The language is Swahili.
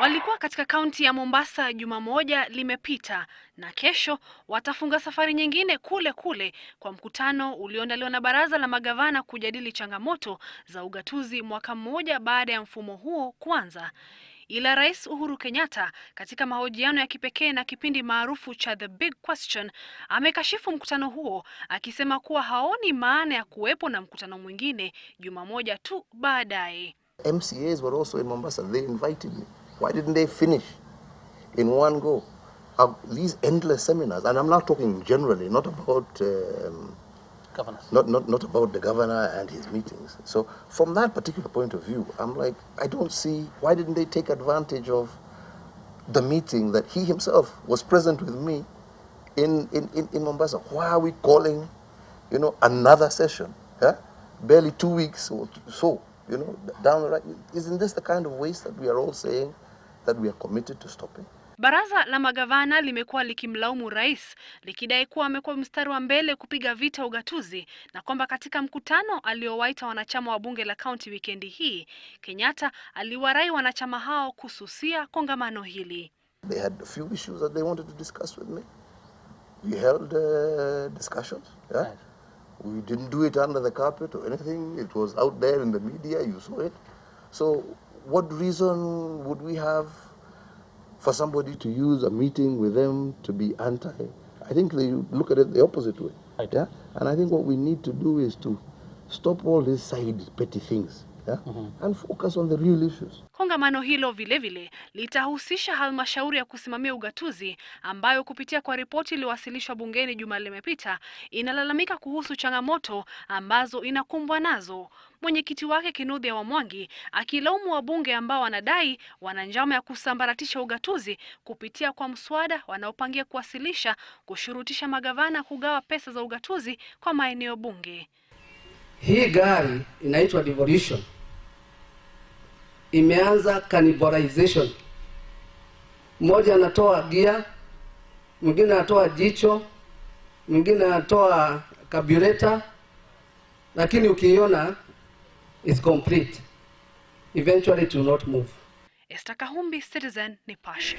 Walikuwa katika kaunti ya Mombasa juma moja limepita na kesho watafunga safari nyingine kule kule kwa mkutano ulioandaliwa na baraza la magavana kujadili changamoto za ugatuzi mwaka mmoja baada ya mfumo huo kuanza. Ila Rais Uhuru Kenyatta katika mahojiano ya kipekee na kipindi maarufu cha The Big Question amekashifu mkutano huo akisema kuwa haoni maana ya kuwepo na mkutano mwingine juma moja tu baadaye. MCAs were also in Mombasa. They invited me. Why didn't they finish in one go? Uh, these endless seminars, and I'm now talking generally, not about um, not, not not about the governor and his meetings. So from that particular point of view, I'm like, I don't see why didn't they take advantage of the meeting that he himself was present with me in in, in, in Mombasa. Why are we calling, you know, another session? Yeah, Barely two weeks or so, you know, down the right. Isn't this the kind of waste that we are all saying? that we are committed to stopping. Baraza la magavana limekuwa likimlaumu rais likidai kuwa amekuwa mstari wa mbele kupiga vita ugatuzi na kwamba katika mkutano aliowaita wanachama wa bunge la kaunti wikendi hii, Kenyatta aliwarai wanachama hao kususia kongamano hili. They had a few issues that they wanted to discuss with me. We held uh, discussions. Yeah? We didn't do it under the carpet or anything. It was out there in the media, you saw it. So what reason would we have for somebody to use a meeting with them to be anti? I think they look at it the opposite way. Right. Yeah? And I think what we need to do is to stop all these side petty things. together mhm. and focus on the real issues. Kongamano hilo vilevile litahusisha halmashauri ya kusimamia ugatuzi ambayo kupitia kwa ripoti iliyowasilishwa bungeni juma limepita inalalamika kuhusu changamoto ambazo inakumbwa nazo. Mwenyekiti wake Kinudhia Wamwangi akilaumu wabunge ambao wanadai wana njama ya kusambaratisha ugatuzi kupitia kwa mswada wanaopangia kuwasilisha kushurutisha magavana kugawa pesa za ugatuzi kwa maeneo bunge. Hii gari inaitwa devolution imeanza cannibalization. Mmoja anatoa gia, mwingine anatoa jicho, mwingine anatoa kabureta lakini ukiiona is complete. Eventually it will not move. Esther Kahumbi, Citizen Nipashe.